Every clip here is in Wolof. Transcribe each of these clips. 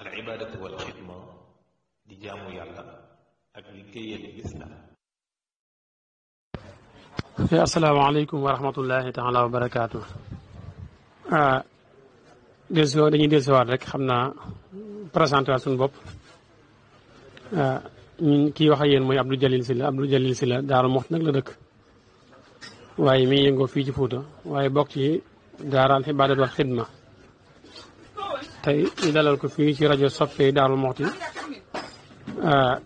al ibaadatu wal xidma di wa barakaatu ah déllusiwaat dañuy déllusiwaat rek xam naa présenté waat bopp ah, ñun kii wax ak yéen mooy Abdou Jalil Sylla Abdou Jalil Sylla Daaru Muxti nag la dëkk waaye mi ngi yëngoo fii ci Fuuta waaye bokk ci daara ibaadatu wal xidma tey ñu dalal ko fii ci rajo Soppe daal Muxti ah,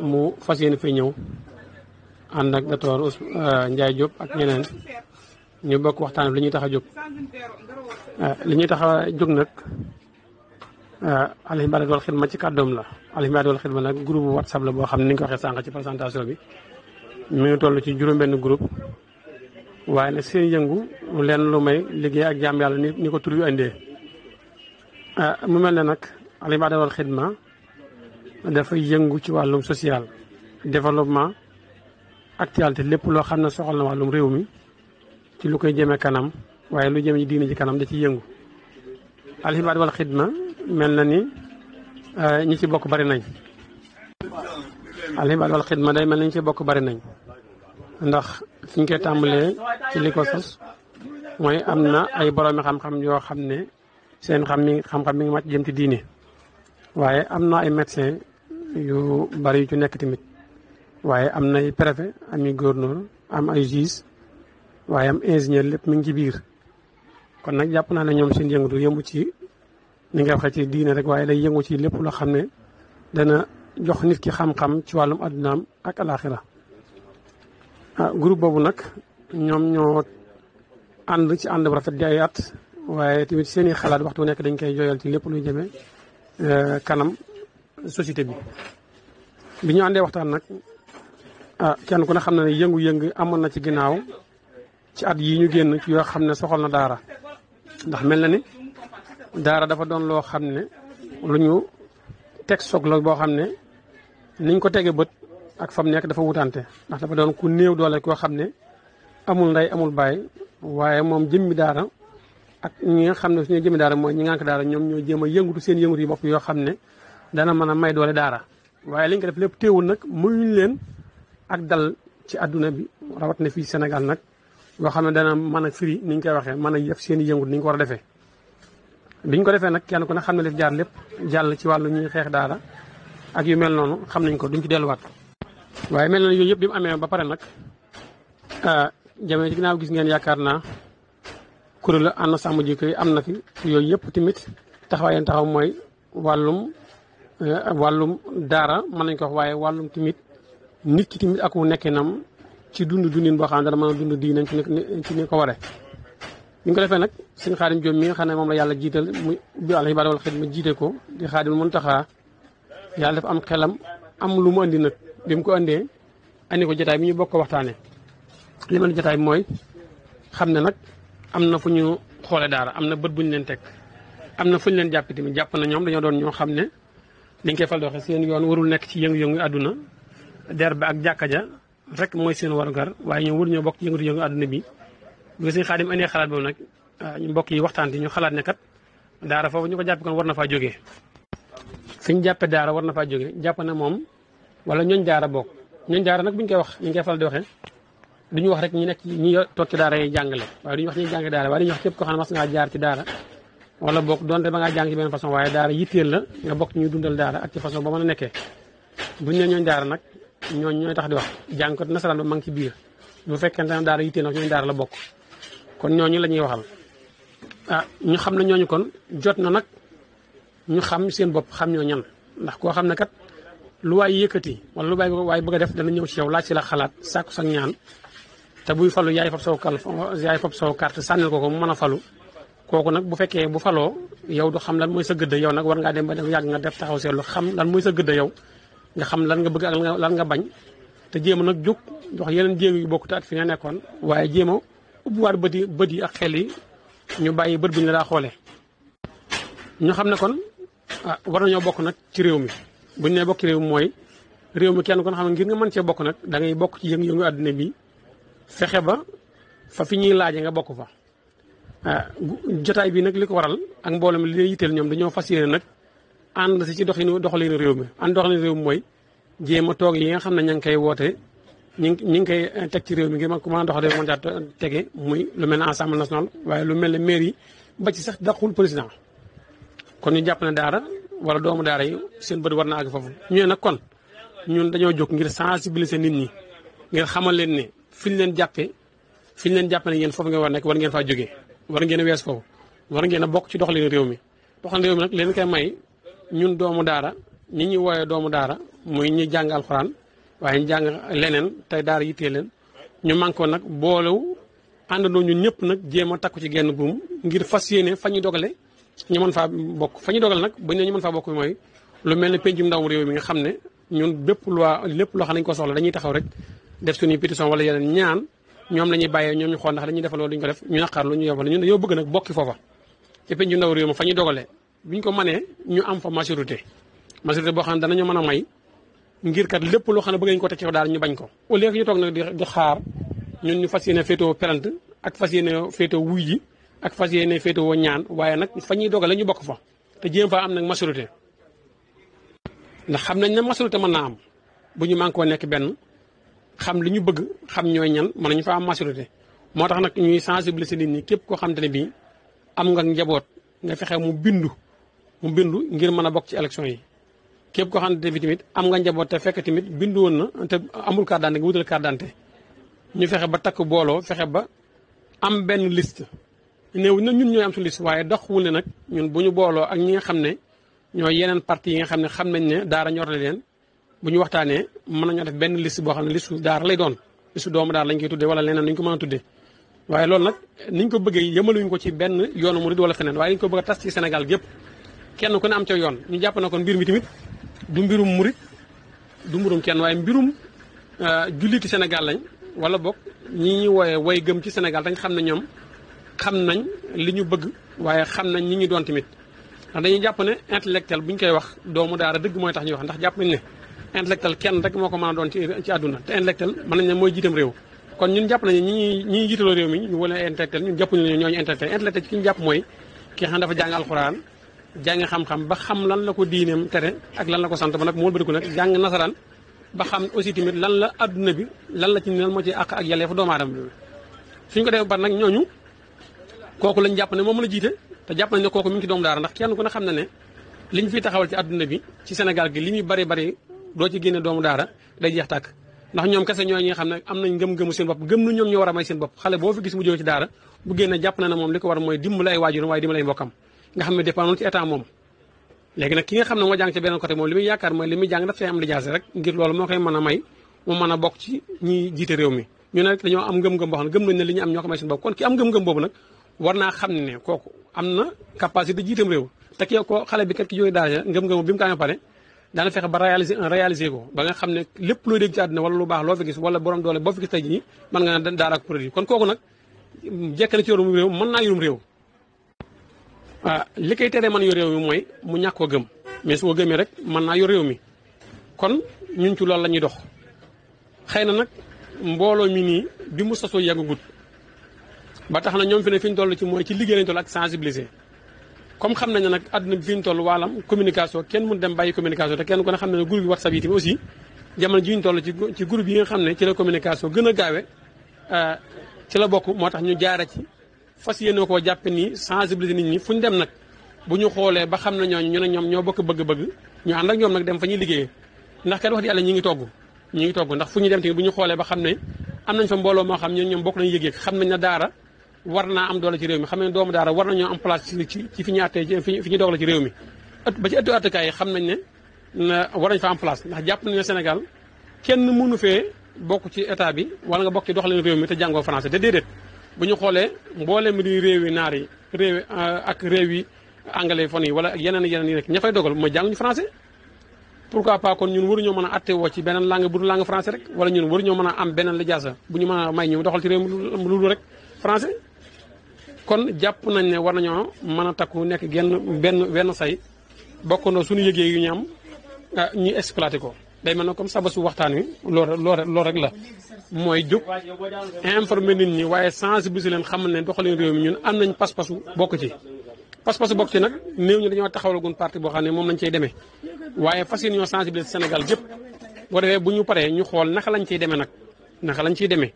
mu fas yéene fi ñëw ànd ak docteur ah, Ndiaye Diop ak ñeneen ñu bokk waxtaan bi li ñuy tax a jóg. Ah, li ñuy tax a jóg nag Al Hibadatou Wal Xidma ci kàddoom la Al Hibadatou Wal Xidma nag groupe whatsapp la boo xam ne ni nga ko waxee sànq ci présentation bi mi ngi toll ci juróom-benn groupe. waaye nag seen yëngu leen lu may liggéey ak jaam yàlla ni ko tur yu indee. Ah, mu mel ne nag al ibaada wal xidma dafa yëngu ci wàllum social développement actualité lépp loo xam ne soxal na wàllum réew mi ci lu koy jëme kanam waaye lu jëm ci diine ji kanam da ci yëngu al ibaada wal xidma mel na ni ah, ñi ci bokk bari nañ al ibaada wal xidma mel na ñi bokk bari nañ ndax fi ñu koy tàmbalee ci li ko sos mooy am na ay boroomi xam-xam yoo xam ne seen xam mi xam-xam mi ngi màcc jëm ci diine waaye am na ay médecin yu bari yu ci nekk tamit waaye am na ay préfet am ay gouverneur am ay juge waaye am ingénieur lépp mi ngi ci biir kon nag jàpp naa ne ñoom seen yëngu du yëngu ci ni nga waxee ci diine rek waaye day yëngu ci lépp loo xam ne dana jox nit ki xam-xam ci wàllum addunaam ak alaxira ah groupe boobu nag ñoom ñoo ànd ci ànd bu rafet di ay at waaye tamit seen i xalaat waxtu nekk dañ koy jooyal ci lépp luy jëmee euh, kanam société bi. bi ñu àndee waxtaan nag ah kenn ku ne xam na yëngu-yëngu amoon na ci ginnaaw ci at yi ñu génn ci yoo xam ne soxal na daara ndax mel na ni daara dafa doon loo xam ne lu ñu teg soog boo xam ne niñ ko tege bët ak fam nekk dafa wutante ndax dafa doon ku néew doole koo xam ne amul ndey amul baay waaye moom jëmmi daara. ak ñi nga xam ne su ñu jëmee daara mooy ñi ngànk daara ñoom ñoo jéem a yëngutu seen yëngutu yi bopp yoo xam ne dana mën a may doole daara waaye liñ ko def lépp téewul nag mu muyuñ leen ak dal ci àdduna bi rawat na fii Sénégal nag yoo xam ne mën a firi ni ñu koy waxee mën a def seen i yëngut ko a defee biñ ko defee nag kenn ku ne xam ne li fi lépp jàll ci wàllu ñuy xeex daara ak yu mel noonu xam nañ ko duñ ci delluwaat waaye mel na yooyu yëpp bi mu amee ba pare nag ah, jamono ci ginnaaw gis ngeen yaakaar naa kuréelu ànd sàmm jikko yi am na fi yooyu yëpp tamit taxawaayeen taxaw mooy wàllum eh, wàllum daara mën nañ ko waaye wàllum tamit nit ki tamit ak wu nekkinam ci dund dundin boo xam ne dana mën a dund diinam ci ni ko waree ñu ko defee nag suñ xaadim Jóob mi nga xam ne moom la yàlla jiital mu ubbi al hibaada wal ma jiite ko di xaadim Muntaxa yàlla dafa am xelam am lu mu andi nag bi mu ko indee andi ko jotaay bi ñu bokk ko waxtaanee li ma jotaay bi mooy xam ne nag am na fu ñu xoole daara am na bët bu ñu leen teg am na fu ñu leen jàpp tamit jàpp na ñoom dañoo doon ñoo xam ne dañ koy fal doxee seen yoon warul nekk ci yëngu-yëngu àdduna der bi ak jàkka ja rek mooy seen warugar waaye ñoom waruñoo bokk ci yëngu-yëngu àdduna bi bu seen xaadim andee xalaat boobu nag ah, ñu mbokk yi waxtaan ñu xalaat ne kat daara foofu ñu ko jàppe kon war na faa jógee fi ñu daara war na faa jóge jàpp na moom wala ñooñ daara bokk ñooñ daara nag buñ koy wax ñu ngi koy fal di waxee duñu wax rek ñu nekk ñi toog ci daara yi jàngale waaye duñu wax ñuy jàng daara waaye dañuy wax képp koo xam ne mas ngaa ci daara wala boog donte ba ngaa jàng ci benn façon waaye daara yitteel la nga bokk ñuy dundal daara ak ci façon ba mën a nekkee buñ ne ñooñ daara nag ñooñ ñooy tax di wax jàng ko nasaraan ba mangi ci biir bu fekkente ne daara yitteel nag ñooñ daara la bokk kon ñooñu la ñuy waxal ah ñu xam ne ñooñu kon jot na nag ñu xam seen bopp xam ñoo ñan ndax koo xam ne kat lu waay yëkkati wala lu waay bëgg a def dana ñëw ci yow laaj ci la xalaat sàkku sa ñaan te buy falu yaay fab saw kal yaay fab saw carte sànnil ko ko mu mën a falu kooku nag bu fekkee bu faloo yow du xam lan mooy sa gëdd yow nag war ngaa dem ba def yàgg nga def taxaw seetlu xam lan mooy sa gëdd yow nga xam lan nga bëgg ak lan nga bañ te jéem nag jóg dox yeneen jéego yu bokkut ak fi nga nekkoon waaye jéem a ubbiwaat yi bët yi ak xel yi ñu bàyyi bët bi ñu la daa xoolee ñu xam ne kon ah, war nañoo bokk nag ci réew mi buñ ne bokk ci réew mi mooy réew mi kenn kon xam ne ngir nga mën cee bokk nag da ngay bokk ci yëngu-yëngu àddina bi fexe ba fa fi ñuy laaje nga bokk fa ah, jotaay bii nag li ko waral ak mboolem li lay yitteel ñoom dañoo fas yéene nag ànd si ci doxinu doxalinu réew mi ànd doxalinu réew mi mooy jéem toog yi nga xam ne ña ngi koy woote ñi ngi ñi ngi koy eh, teg ci réew mi ngir comment doxalee moo tax tege muy lu mel ne assemblée nationale waaye lu mel ne maire yi ba ci sax daqul président kon ñu jàpp ne daara wala doomu daara yi seen bët war na àgg foofu ñu ne nag kon ñun dañoo jóg ngir sensibiliser nit ñi ngir xamal leen ne fi ñu leen jàppee fi ñu leen jàppee ne yéen foofu ngeen war nekk war ngeen faa jógee war ngeen wees foofu war ngeen a bokk ci doxalin réew mi doxalin réew mi leen koy may ñun doomu daara ñi ñuy woowee doomu daara muy ñi jàng alxuraan waaye ñu jàng leneen tey daara yittee leen ñu mànkoo nag boolewu àndandoo ñun ñëpp nag jéem a takku ci genn buum ngir fas yéene fa ñu dogale ñu mën faa bokk fa ñu nag bañ ne ñu mën faa bokk mooy lu mel ne pencum ndaw réew mi nga xam ne ñun bépp loi lépp loo xam ne dañ ko soxla dañuy taxaw rek def suñuy pétition wala yeneen ñaan ñoom la ñuy bàyyee ñoom ñu xool ndax dañuy defal loolu duñ ko def ñu naqar lu ñu yombal ñun dañoo bëgg nag bokki foofa ci penc ndaw réew ma fa ñu ko manee ñu am fa majorité majorité boo xam ne danañu mën a may ngir kat lépp loo xam ne bëgg nañ ko teg ci ñu bañ ko au lieu que ñu toog nag xaar ñu fas yéene féetoo perante ak fas yéene féetoo wuy ji ak fas yéene féetoo ñaan waaye nag fa ñuy dogale ñu bokk fa te jéem fa am nag majorité ndax xam nañ ne majorité mën naa am bu ñu mànkoo nekk benn xam li ñu bëgg xam ñooy ñan mën ñu fa am maturité moo tax nag ñuy sensibiliser nit ñi képp koo xamante ne bii am nga njaboot nga fexe mu bindu mu bindu ngir mën a bokk ci élection yi. képp koo xamante ne bii tamit am nga njaboot te fekk tamit bindu woon na te amul carte d'identité nga wutal carte ñu fexe ba takk booloo fexe ba am benn liste. néew na ñun ñooy am su liste waaye doxul ne nag ñun bu ñu booloo ak ñi nga xam ne ñooy yeneen parti yi nga xam ne xam nañ ne daara ñor leen. bu ñu waxtaanee mën nañoo def benn liste boo xam ne listu daar lay doon listu doomu daar lañ koy tuddee wala leneen nañ ko mën a tuddee waaye loolu nag niñ ko bëggee yëmaluñ ko ci benn yoonu murid wala feneen waaye dañ ko bëgg a tas ci Sénégal gépp kenn ku ne am ca yoon ñu jàpp na ko mbir mi tamit du mbirum murid du mbirum kenn waaye mbirum euh, julliti senegal lañ wala boog ñi ñuy wooyee woy gëm ci Sénégal dañ xam ne ñoom xam nañ li ñu bëgg waaye xam nañ ñi ñu doon tamit ndax dañuy jàpp ne intellectuel bu ñu koy wax doomu daara dëgg mooy tax ñuy wax ndax jàpp nañ ne intellectuel kenn rek moo ko mën a doon ci ci àdduna te intellectuel mën nañ ne mooy jiitam réew kon ñun jàpp nañu ñi ñuy ñi ñuy jiitaloo réew mi ñu wala intellectuel ñun jàppuñu ne ñooñu intellectuel intellectuel ci ki ñu jàpp mooy ki nga xam dafa jàng alxuraan jàng xam-xam ba xam lan la ko diineem tere ak lan la ko sant ba nag mool bëriku nag jàng nasaraan ba xam aussi tamit lan la adduna bi lan la ci lan moo ci àq ak yelleefu doomu aadama bi suñ ko defee ba nag ñooñu kooku lañ jàpp ne moom la jiite te jàpp nañ ne kooku mi ngi ci doomu daara ndax kenn ku ne xam na ne liñ fi taxawal ci adduna bi ci Sénégal gi li ñuy bari bari doo ci génne doomu daara day jeex tàkk ndax ñoom kese ñooy ñi xam ne am nañ ngëm-ngëmu seen bopp a may seen bopp boo fi gis mu jóge ci daara bu génne jàpp na ne moom li ko war mooy dimbali ne dépendul ci état moom léegi nag ki nga xam ne moo jàng ci beneen côté moom li a may mu mën a bokk ci ne dañoo am ngëm-ngëm boo xam ne li am ñoo ko may seen bopp kon ki am ngëm nag war naa xam ne kooku am na capacité jiitam réew te ki ko xale bi kat ki jóge daara ngëm-ngëm bi mu ko amee pare daana fexe ba réaliser un réaliser ko ba nga xam ne lépp loo dégg ci àdduna wala lu baax loo fi gis wala borom doole boo fi gis tey jii mën nga ne daara ak produit kon kooku nag jekk na ci yorum réew mën naa yorum réew waaw ah, li koy teree mën yor mi mooy mu ñàkk gëm mais su ko rek mën naa yor réew mi kon ñun ci loolu la ñuy dox xëy na nag mbooloo mi nii bi mu sosoo yàggagut ba tax na ñoom fi ne fi ñu toll ci mooy ci liggéey lañ toll ak sensibiliser comme xam nañ nag àdduna bi ñu toll waalam communication kenn mun dem bàyyi communication te kenn ku ne xam ne ne groupe yi WhatsApp yi tamit aussi jamono ji ñu toll ci ci groupe yi nga xam ne ci la communication gën a gaawe euh, ci la bokk moo tax ñu jaara ci fas yéene koo jàpp ni sensibiliser nit ñi fu ñu dem nag bu ñu xoolee ba xam ne ñooñu ñu ne ñoom ñoo bokk bëgg-bëgg ñu ànd ak ñoom nag dem fa ñuy liggéeyee ndax kenn wax yàlla ñi ngi togg ñi ngi togg ndax fu ñu dem tamit bu ñu xoolee ba xam ne am nañ fa mbooloo moo xam ñoom ñoom bokk nañu yëg-yëg xam nañ na daara war naa am doole ci réew mi xam ne doomu daara war nañoo am place ci ci fi ñu àttee ci fi ñu dogal ci réew mi ba ci ëttu àttekaay xam nañ ne na war nañ fa am place ndax jàpp nañ ne Sénégal kenn mënu fee bokk ci état bi wala nga bokk ci doxalin réew mi te jàngoo français te déedéet bu ñu xoolee mbooleem di réew yi naar yi réew euh, ak réew yi anglophone yi wala yeneen yeneen yi rek ña fay dogal mooy jànguñu français pourquoi pas kon ñun ñoo mën a atte woo ci beneen langue bu dul langue français rek wala ñun waruñoo mën a am beneen lijaasa bu a may ñu doxal ci réew mi lu rek kon jàpp nañ ne war nañoo mën a takku nekk genn benn wenn say bokkandoo suñu yëgee yu ñu am ah, ñu exploité ko day mel ne comme saba su waxtaan wi loolu loolu loolu rek la mooy jóg informer nit ñi waaye si leen xam ne doxalin réew mi ñun am nañ pas-pasu bokk ci pas-pasu bokk ci nag néew ñi dañoo taxawalagun parti boo xam ne moom lañ cey demee waaye fas yéene ñoo sensibiliser Sénégal gépp boo defee bu ñu paree ñu xool naka lañ ciy demee nag naka lañ ciy demee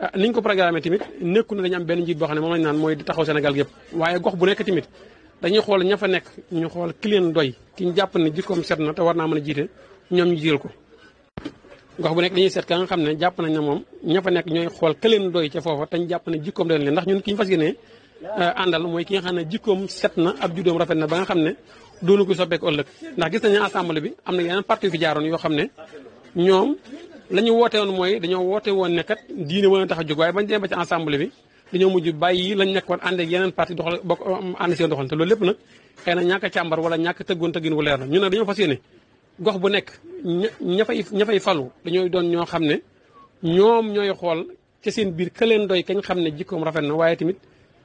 Ah, ni ñu ko programmé tamit nekku ne dañu am benn njiit boo xam ne moom lañ naan mooy taxaw Sénégal yëpp waaye gox bu nekk tamit dañuy xool ña fa nekk ñu xool ki leen doy ki ñu jàpp ne jikkoom set na te war naa mën a jiite ñoom ñu ko gox bu nekk dañuy seet ka nga xam ne jàpp nañ ne moom ña fa nekk ñooy xool ka leen doy ca foofa tañ ñu jàpp ne jikkoom doy leen ndax ñun ki ñu fas yéenee eh, àndal mooy ki nga xam ne jikkoom set na ab juddoom rafet na ba nga xam ne doonu ko soppeeku ëllëg ndax gis nañu assemblée bi am na yeneen parti fi jaaroon yoo xam ne ñoom lañu ñu woon mooy dañoo woote woon ne kat diine mën a tax a jóg waaye bañ demee ba ci ensemble bi dañoo mujj bàyyi lañ nekkoon ànd ak yeneen parti doxal bokk ànd seen doxal te loolu lépp nag xëy na ñàkk a càmbar wala ñàkk tëggoon tëggin wu leer na ñu ne dañoo fas yéene gox bu nekk ña fay ña fay falu dañooy doon ñoo xam ne ñoom ñooy xool ca seen biir ka leen doy kañ xam ne jikkoom rafet na waaye tamit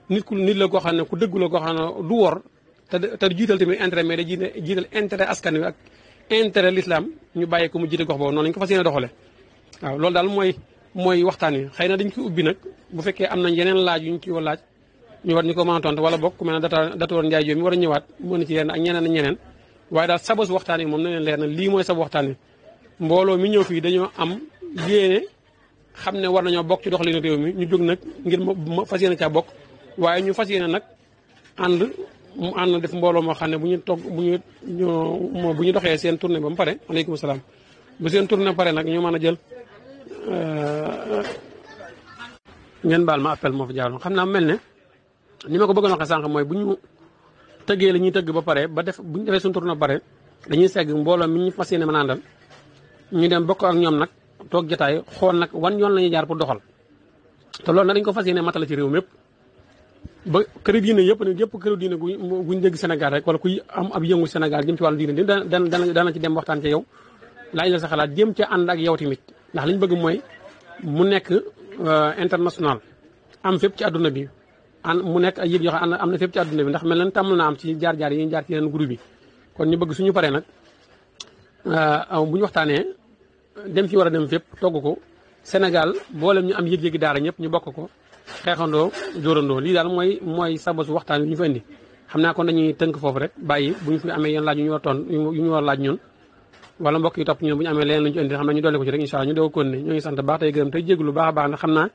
nit ku nit la goo xam ne ku dëggu la goo xam ne du wor te te jiital tamit intérêt mais da jiital intérêt askan wi ak intérêt l'islam ñu bàyyi ko mu ko fas yéene doxale waaw loolu daal mooy mooy waxtaan wi xëy na dañ ko ubbi nag bu fekkee am nañ yeneen laaj yu ñu ci war laaj ñu war ñu ko mën a wala bokk ku mel ne data datoor Njaay Jóob mi war a ñëwaat mën ci yenn ak ñeneen ak ñeneen waaye daal sabas waxtaan wi moom na leen leer na lii mooy sab waxtaan wi mbooloo mi ñëw fii dañoo am yéene xam ne war nañoo bokk ci doxalinu réew mi ñu jóg nag ngir ma fas yéene caa bokk waaye ñu fas yéene nag ànd mu ànd def mbooloo moo xam ne bu ñu togg bu ñu ñu moo bu ñu doxee seen tournée ba mu pare aleykum salaam bu seen tournée pare nag ñu mën a jël Euh, ngeen baal ma appel moo fi jaaroon xam naa mel ne ni ma ko bëggoon waxee sànq mooy bu ñu tëggee la ñuy tëgg ba pare ba def bu ñu defee suñu tournée ba pare dañuy segg mbooloo mi ñu fas yéene mën a àndal ñu dem bokk ak ñoom nag toog jotaay xool nag wan yoon la ñuy jaar pour doxal te loolu dañ ko fas yéene la ci réew mépp ba kër diine yëpp nag yëpp kër diine gu guñ dégg senegal rek wala kuy am ab yëngu Sénégal jëm ci wàllu diine dana dana ci dem waxtaan ci yow laaj sa xalaat jëm ci ànd ak ndax liñ bëgg mooy mu nekk euh, international am fépp ci àdduna bi an mu nekk ay yëg yoo xam am na fépp ci àdduna bi ndax mel na tàmm na am ci jaar-jaar yi ñu jaar ci yeneen groupe yi. kon ñu bëgg suñu paree nag euh, bu ñu waxtaanee dem fi war a dem fépp togg ko Sénégal mboolem ñu am yëg-yëgi daara ñëpp ñu bokk ko xeexandoo dóorandoo lii daal mooy mooy sabasu waxtaan wi ñu fa indi. xam naa kon dañuy tënk foofu rek bàyyi bu ñu fi amee yenn laaj yu ñu war yu ñu war laaj ñun. wala mbokk yi topp ñun bu ñu amee leen lu ñu indi xam ne ñu dolli ko ci rek incha allah ñu doog kon ne ñoo ngi sant baax tey gërëm tey jéglu baax a baax ndax xam naa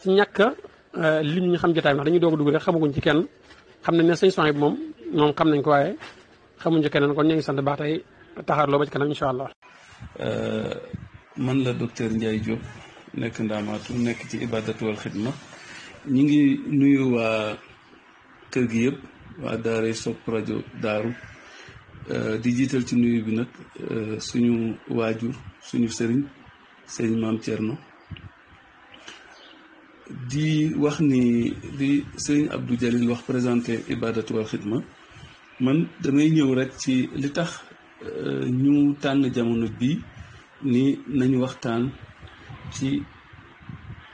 ci ñàkk euh, li ñu xam jotaay ndax dañuy doog dugg rek xamaguñ ci kenn xam nañ ne sëñ soxna bi moom moom xam nañ ko waaye xamuñ ci keneen kon ñoo ngi sant baax tey taxaarloo ba ci kanam incha allah euh, man la docteur Ndiaye Diop nekk ndaamaatu nekk ci ibadatu wal xidma ñu ngi nuyu waa kër gi yëpp waa daara sopp rajo daaru Euh, di jiital ci nuyu bi nag euh, suñu waajur suñu sëriñ sëñ maam Thierno di wax ni di sëriñ Abdou Jalil wax présenté ibadatu wal xidma man damay ñëw rek ci li tax euh, ñu tànn jamono bii ni nañu waxtaan ci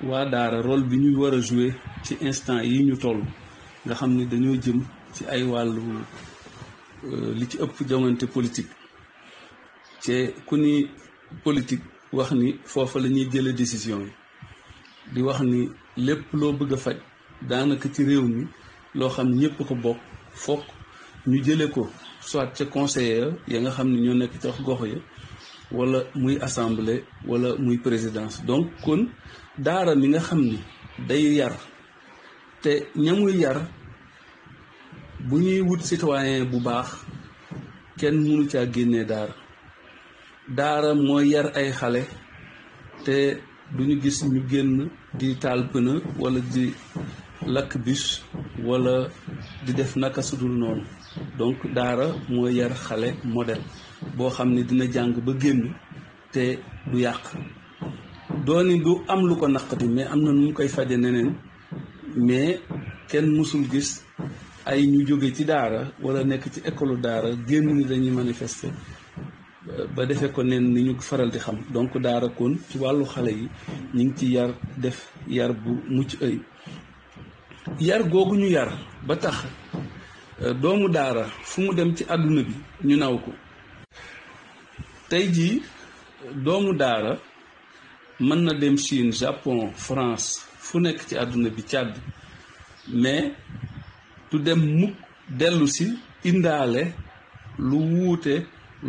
waa daara rôle bi ñuy war a jouer ci instant yi ñu toll nga xam ni dañoo jëm ci ay wàllu Euh, li ci ëpp jongante politique ce ku ni politique wax ni foofa la ñuy jële décision yi di wax ni lépp loo bëgg a faj daanaka ci réew mi loo xam ne ñëpp ko bokk fokk ñu jële ko soit ca conseiller ya nga xam ne ñoo nekk ca wax gox ya walla muy assemblée wala muy présidence donc kon daara mi nga xam ni day yar te ñamuy yar bu ñuy wut citoyen bu baax kenn mënu caa génne daara daara mooy yar ay xale te duñu gis ñu génn di taal pëna wala di lakk bis wala di def naka sudul noonu donc daara mooy yar xale modèle boo xam ne dina jàng ba génn te du yàq dooni du am lu ko naqati mais am na nu mu koy faje neneen mais kenn mësul gis ay ñu jóge ci daara wala nekk ci école daara génn ni dañuy manifester euh, ba defee ko nen ni ñu faral di xam donc daara kon ci wàllu xale yi ñu ngi ci yar def yar bu mucc ay yar googu ñu yar ba tax euh, doomu daara fu mu dem ci àdduna bi ñu naw ko tey jii doomu daara mën na dem Chine Japon France fu nekk ci àdduna bi Tchad mais du dem mukk dellu si indaale lu wuute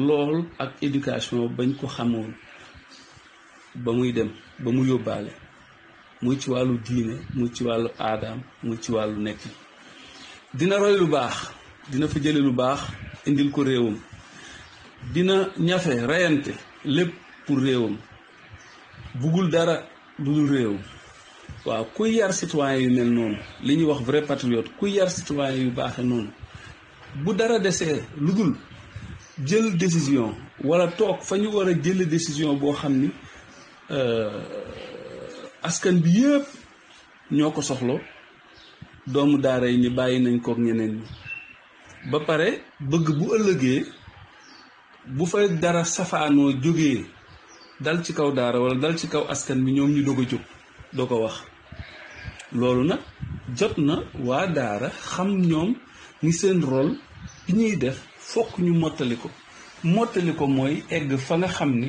lool ak éducation bañ ko xamoon ba muy dem ba mu yóbbaale muy ci wàllu diine muy ci wàllu aadaam muy ci wàllu nekk dina roy lu baax dina fa jële lu baax indil ko réewam dina ñafe reyante lépp pour réewam buggul dara dudul réewam waaw kuy yar citoyen yu mel noonu li ñuy wax vrai patriote kuy yar citoyen yu baaxe noonu bu dara desee lu dul jël décision wala toog fa ñu war a jël décision boo xam ni euh, askan bi yëpp ñoo ko soxlo doomu daara yi ni bàyyi nañ kook ñeneen ñi ba pare bëgg bu ëllëgee bu fa dara safaanoo jógee dal ci kaw daara wala dal ci kaw askan bi ñoom ñu dog a jóg doo ko wax loolu nag jot na waa daara xam ñoom ni seen rôle bi ñuy def fokk ñu mottali ko mottali ko mooy egg fa nga xam ni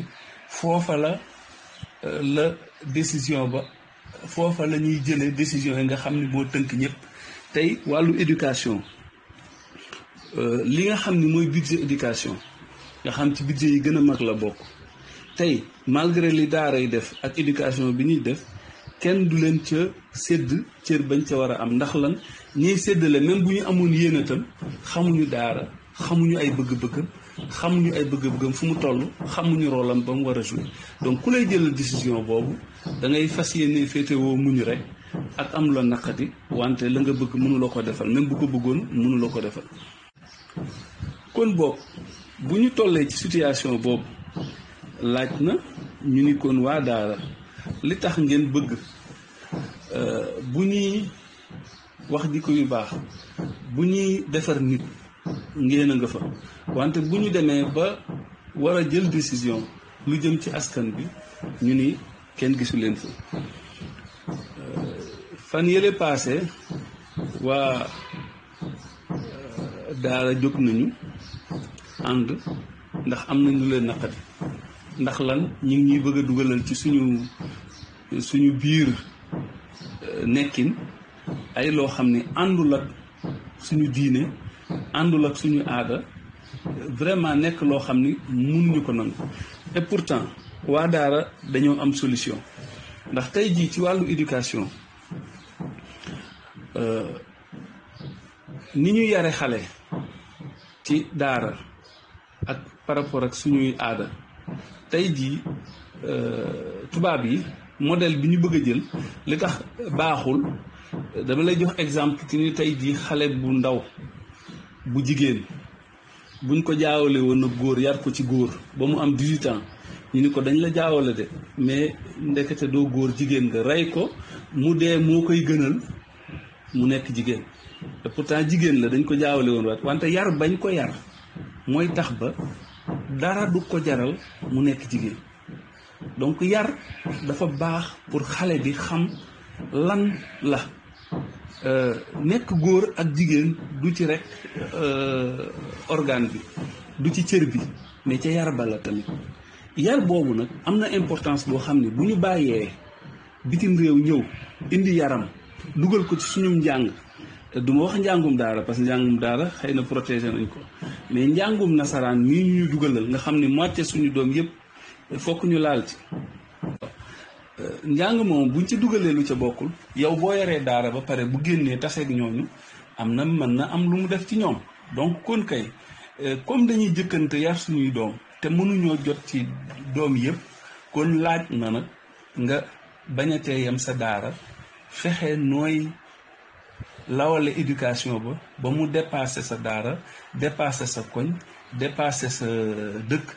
foofa la euh, la décision ba foofa la ñuy jëlee décision yi nga xam ni boo tënk ñëpp tey wàllu éducation euh, li nga xam ni mooy budget éducation nga xam ci budget yi gën a mag la bokk tey malgré li daara yi def ak éducation bi ñuy def kenn du leen ca sédd cër bañ ca war a am ndax lan ñiy séddale même bu ñu amoon yéene tam xamuñu daara xamuñu ay bëgg-bëggam xamuñu ay bëgg-bëggam fu mu toll xamuñu roolam ba mu war a jouer donc ku lay jëlal décision boobu dangay fas yéene féetewoo muñu rek ak am la naqati wante la nga bëgg mënuloo ko defal même bu ko bëggoon mënuloo ko defal kon boobu bu ñu tollee ci situation boobu laaj na ñu ni kon waa daara li tax ngeen bëgg euh, bu ñuy wax jikko yu baax bu ñuy defar nit ngeen a nga fa wante bu ñu demee ba war a jël décision lu jëm ci askan bi ñu ni kenn gisu leen fa euh, fan yële paase waa euh, daara jóg nañu ànd ndax am nañ ñu leen naqari ndax lan ñu ngi ñuy bëgg a dugalal ci suñu suñu biir euh, nekkin ay loo xam ne àndul ak suñu diine àndul ak suñu aada vraiment nekk loo xam ni mënuñu ko nangu et pourtant waa daara dañoo am solution ndax tey jii ci wàllu éducation euh, ni ñu yare xale ci daara ak par rapport ak suñuy aada tey jii euh, tubaab yi model bi ñu bëgg a jël li tax baaxul dama lay jox exemple ki ni tey jii xale bu ndaw bu jigéen buñ ko jaawale woon ak góor yar ko ci góor ba mu am 18 ans ñu ni ko dañ la jaawale de mais ndekete doo góor jigéen nga rey ko mu dee moo koy gënal mu nekk jigéen te pourtant jigéen la dañ ko jaawale woon waat wante yar bañ ko yar mooy tax ba dara du ko jaral mu nekk jigéen donc yar dafa baax pour xale bi xam lan la euh, nekk góor ak jigéen du ci rek euh, organe bi du ci cër bi mais ca yar ba la tamit yar boobu nag am na importance boo xam ne bu ñu bàyyee bitim réew ñëw indi yaram dugal ko ci suñu njàng du ma wax njàngum daara parce que njàngum daara xëy na protégé nañ ko mais njàngum nasaraan nii ñu dugalal nga xam ni moitié suñu doom yëpp fokk ñu laal ci njàng moom buñ ci dugalee lu ca bokkul yow boo yoree daara ba pare bu génnee taseeg ñooñu am na mën na am lu mu def ci ñoom donc kon kay euh, comme dañuy jëkkante yar suñuy doom te mënuñoo jot ci doom yëpp kon laaj na nag nga bañ a tee yem sa daara fexe nooy lawale éducation ba ba mu dépassé sa daara dépassé sa koñ dépassé sa dëkk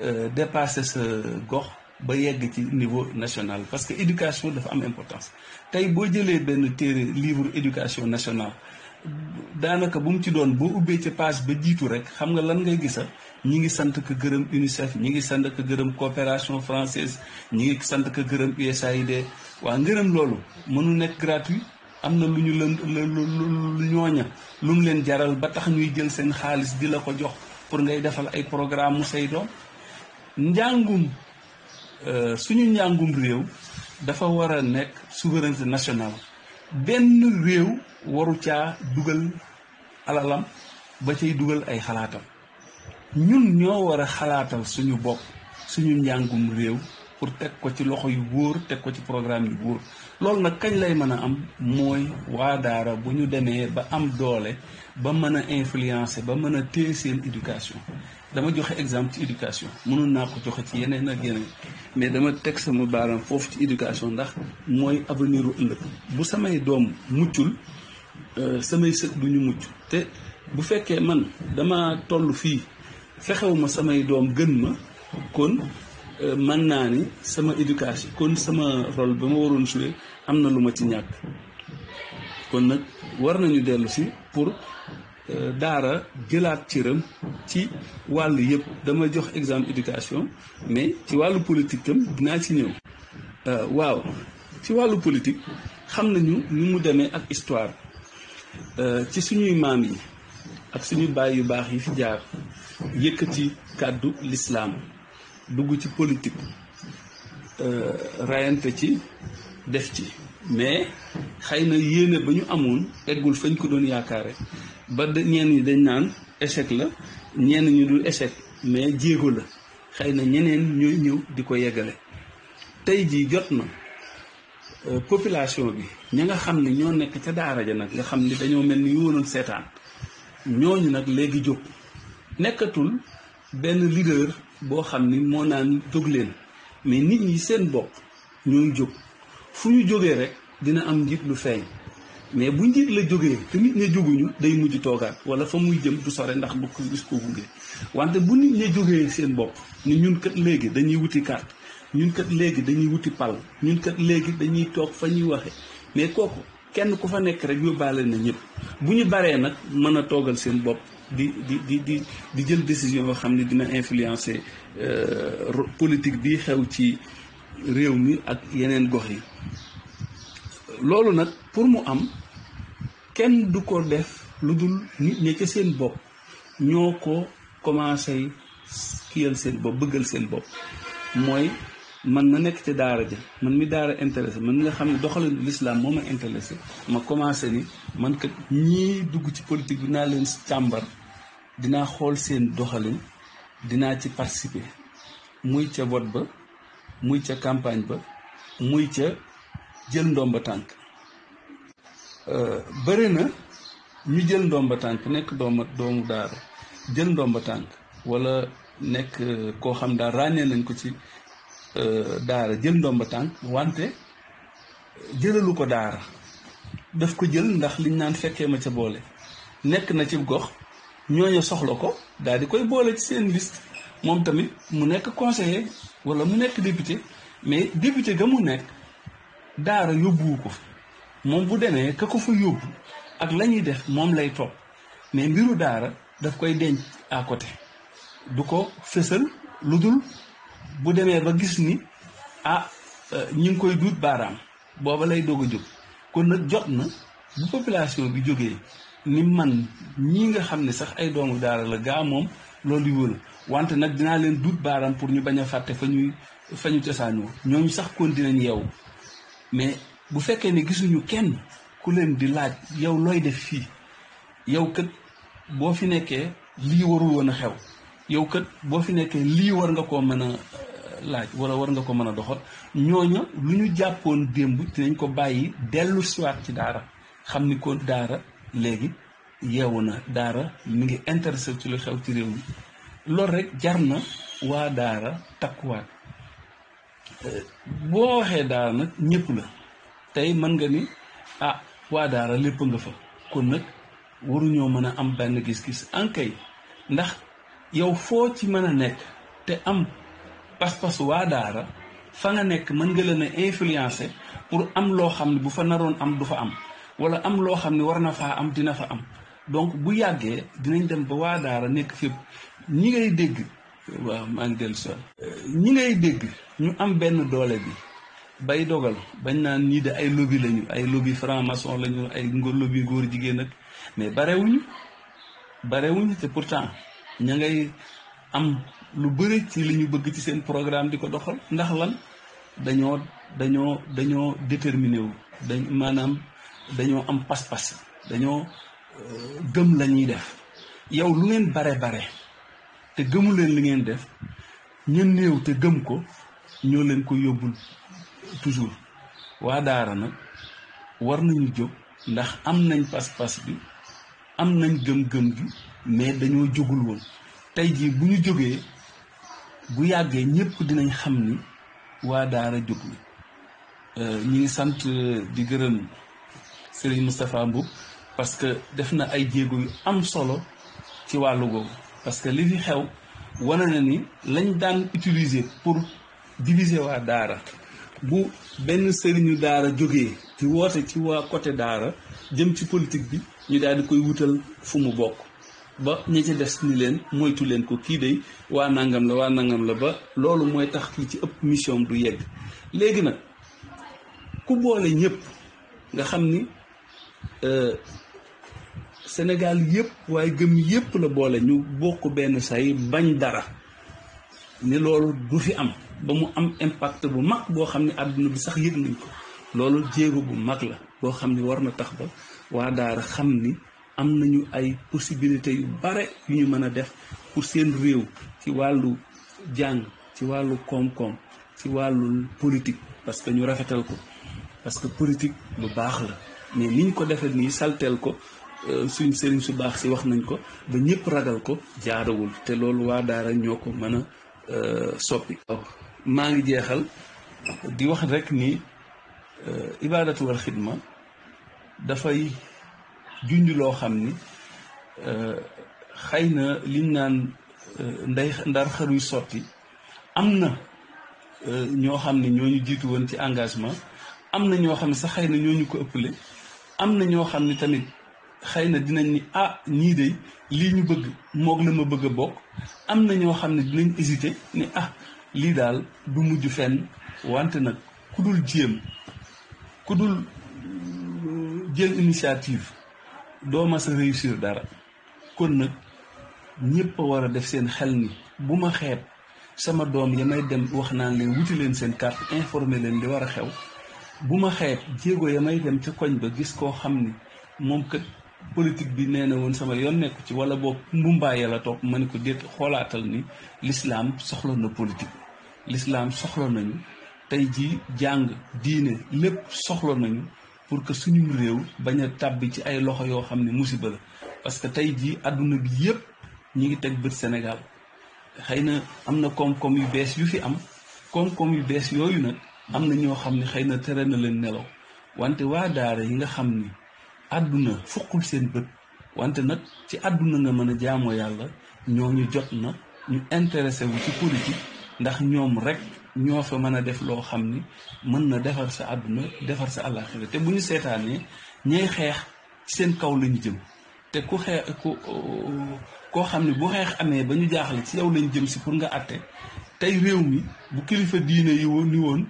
Euh, dépasser sa gox ba yegg ci niveau national parce que éducation dafa am importance tey boo jëlee benn téere livre éducation national daanaka bu mu ci doon boo ubbee ci page ba jiitu rek xam nga lan ngay gisa ñi ngi sant ko gërëm UNICEF ñi ngi sant ko gërëm coopération française ñi ngi sant ko gërëm USAID waa ngërëm loolu mënu nekk gratuit am na lu ñu leen lu ñooña lu mu leen jaral ba tax ñuy jël seen xaalis di la ko jox pour ngay defal ay programme mu say njàngum euh, suñu njàngum réew dafa war a nekk souveraineté nationale benn réew waru caa dugal alalam ba cay dugal ay xalaatam ñun ñoo war a xalaatal suñu bopp suñu njàngum réew pour teg ko ci loxo yu wóor teg ko ci programme yu wóor loolu nag kañ lay mën a am mooy waa bu ñu demee ba am doole ba mën a influencer ba mën a téye seen éducation dama joxe exemple ci éducation mënoon naa ko joxe ci yeneen ak yeneen mais dama teg sama baaraam foofu ci éducation ndax mooy avenir u bu samay doom muccul euh, samay sët du ñu mucc te bu fekkee man dama toll fii fexewuma samay doom gën ma kon euh, mën naa ni sama éducation kon sama rôle ba ma waroon jouer am na lu ma ci ñàkk kon nag war nañu dellu si pour Euh, daara jëlaat cëram ci wàll yëpp dama jox exemple éducation mais ci wàllu politique tam dinaa ci ñëw euh, waaw ci wàllu politique xam nañu ni mu demee ak histoire euh, ci suñuy maam yi ak suñu baay yu baax yi fi jaar yëkkati kàddu lislaam dugg ci politique rayante ci def ci mais xëy na yéene ba ñu amoon eggul fañ ko doon yaakaare ba ñenn ñi dañ naan échec la ñenn ñu dul échec mais jéego la xëy na ñeneen ñooy ñëw di ko yeggale tey jii jot na euh, population bi ña nga xam ni ñoo nekk ca daara ja nag nga xam ni dañoo mel ni ñu wonoon seetaan ñooñu nag léegi jóg nekkatul benn leader boo xam ni moo naan jóg leen mais nit ñi seen bopp ñooy jóg fu ñu jógee rek dina am njiit lu feeñ mais bu njiit la jógee te nit ña jóguñu day mujj toogaat wala fa muy jëm du sore ndax du ko gis ko gunge wante bu nit ña jógee seen bopp ni ñun kat léegi dañuy wuti carte ñun kat léegi dañuy wuti pal ñun kat léegi dañuy toog fa ñuy waxe mais kooku kenn ku fa nekk rek yóbbaale na ñëpp bu ñu baree nag mën a toogal seen bopp di di di di di jël décision yoo xam ne dina influencer euh, politique bi xew ci réew mi ak yeneen gox yi loolu nag pour mu am kenn du ko def lu dul nit ñi ca seen bopp ñoo ko commencé kiyal seen bopp bëggal seen bopp mooy man ma nekk ci daara ja man mi daara intéressé man mi nga xam ne doxalin l'islam moo ma intéressé ma commencé ni man kat ñii dugg ci politique bi naa leen càmbar dinaa xool seen doxalin dinaa ci participer muy ca vote ba muy ca campagne ba muy ca jël ndomba tànk euh, bëri na ñu jël ndomba tànk nekk dooma doomu daara jël ndomba tànk walla nekk euh, koo xam daal ràññee nañ ko ci euh, daara jël ndomba tànk wante jëlalu ko daara daf ko jël ndax liñ naan fekkee ma ca boole nekk na ci gox ñooñu soxla ko daal di koy boole ci seen liste moom tamit mu nekk conseiller wala mu nekk député mais député ga mu nekk daara yóbbuwu ko fa moom bu demee ka ko fa yóbbu ak la ñuy def moom lay topp mais mbiru daara daf koy denc à côté du ko fësal lu dul bu demee ba gis ni ah euh, ñu ngi koy duut baaraam booba lay doog a jóg kon nag jot na bu population bi jógee ni man ñii nga xam ne sax ay doomu daara la gaa moom loolu yu wëla wante nag dinaa leen duut baaraam pour ñu bañ a fàtte fa ñuy fa ñu cosaanoo ñooñu sax kon dinañ yeewu mais bu fekkee ne gisuñu kenn ku leen di laaj yow looy def fii yow kët boo fi nekkee lii warul woon a xew yow kët boo fi nekkee lii war nga koo mën a euh, laaj wala war nga ko mën a doxal ñooña lu ñu jàppoon démb dinañ ko bàyyi dellu siwaat ci daara xam ni ko daara léegi yeewu na daara mu ngi intéressé ci lu xew ci réew mi loolu rek jar na waa daara takkuwaat boo waxee daara nag ñëpp la tey mën nga ni ah waa daara lépp nga fa kon nag waruñoo mën a am benn gis-gis ankay ndax yow foo ci mën a nekk te am pas-pas waa daara fa nga nekk mën nga leen a influencer pour am loo xam ne bu fa naroon am du fa am wala am loo xam ne war na faa am dina fa am donc bu yàggee dinañ dem ba waa daara nekk fépp ñi ngay dégg waaw maa ngi dellu sol ñi ngay dégg ñu am benn doole bi bay dogal bañ naan ñii de ay lobby lañu ay lobby franc-maçon lañu ay lobby góor jigéen nag mais barewuñu barewuñu te pourtant ña ngay am lu bëri ci li ñu bëgg ci seen programme di ko doxal ndax lan dañoo dañoo dañoo déterminé wu dañ maanaam dañoo am pas-pas dañoo euh, gëm la ñuy def yow lu ngeen bare bare te gëmu leen li ngeen def ñu néew te gëm ko ñoo leen ko yóbbul toujours waa daara nag war nañu jóg ndax am nañ pas-pas bi am nañ gëm-gëm gi mais dañoo jógul woon tey jii bu ñu jógee bu yàggee ñëpp dinañ xam ni waa daara jóg na euh, ñi ngi sant euh, di gërëm Serigne Moustapha Mboup parce que def na ay jéego yu am solo ci wàllu googu parce que li fi xew wane na ni lañ daan utiliser pour diviser waa daara bu benn sëriñu daara jógee ci woote ci waa côté daara jëm ci politique bi ñu daal di koy wutal fu mu bokk ba ñi ci des ni leen moytu leen ko kii day waa nangam la waa nangam la ba loolu mooy tax li ci ëpp mission du yegg léegi nag ku boole ñëpp nga xam ni euh, Sénégal yëpp waaye gëm yëpp la boole ñu bokk benn say bañ dara ni loolu du fi am ba mu am impact bu mag boo xam ne àdduna bi sax yëg nañ ko loolu jéego bu mag la boo xam ne war na tax ba waa daara xam ni am nañu ay possibilités yu bare yu ñu mën a def pour seen réew ci wàllu jàng ci wàllu koom-koom ci wàllu politique parce que ñu rafetal ko parce que politique lu baax la mais niñ ko defee ni salteel ko Euh, suñ sëriñ su baax si wax nañ ko ba ñëpp ragal ko jaarawul te loolu waa daara ñoo ko mën a euh, soppi maa ngi jeexal di wax rek ni euh, ibaadatu wal xidma dafay junj loo xam ni xëy na liñ naan nday ndar xaruy sotti am na ñoo xam ne ñoo ñu jiitu woon ci engagement am na ñoo xam ne sax xëy na ñoo ñu ko ëppale am na ñoo xam ne tamit xëy na dinañ ni ah ñii de lii ñu bëgg mook la ma bëgg a bokk am na ñoo xam ne dinañ hésité ni ah lii daal du mujj fenn wante nag ku dul jéem ku dul euh, jël initiative doo ma sa réussir dara kon nag ñépp a war a def seen xel ni bu ma xeet sama doom ya may dem wax naan leen wuti leen seen carte informé leen li war a xew bu ma xeeb jéego ya may dem ca koñ ba gis koo xam ni moom kat politique bi nee na woon sama yoon nekku ci wala boo mbumbaay la toog ma ne ko déet xoolaatal ni l'islam soxla na politique l'islam soxla nañu tey ji jàng diine lépp soxla nañu pour que suñu réew bañ a tàbbi ci ay loxo yoo xam ne musiba la parce que tey jii àdduna bi yépp ñu ngi teg bët Sénégal xëy na am na koom-koom yu bees yu fi am koom-koom yu bees yooyu nag am na ñoo xam ne xëy na tere na leen nelaw wante waa daara yi nga xam ni àdduna fuqul seen bët wante nag ci àdduna nga mën a jaamoo yàlla ñooñu jot na ñu intéressé wu ci politique ndax ñoom rek ñoo fa mën a def loo xam ni mën na defar sa àdduna defar sa àllaaxira te bu ñu seetaanee ñay xeex seen kaw lañu jëm te ku xeex ku koo xam ne bu xeex amee ba ñu jaaxle ci yow lañ jëm si pour nga àtte tey réew mi bu kilifa diine yi woon ni woon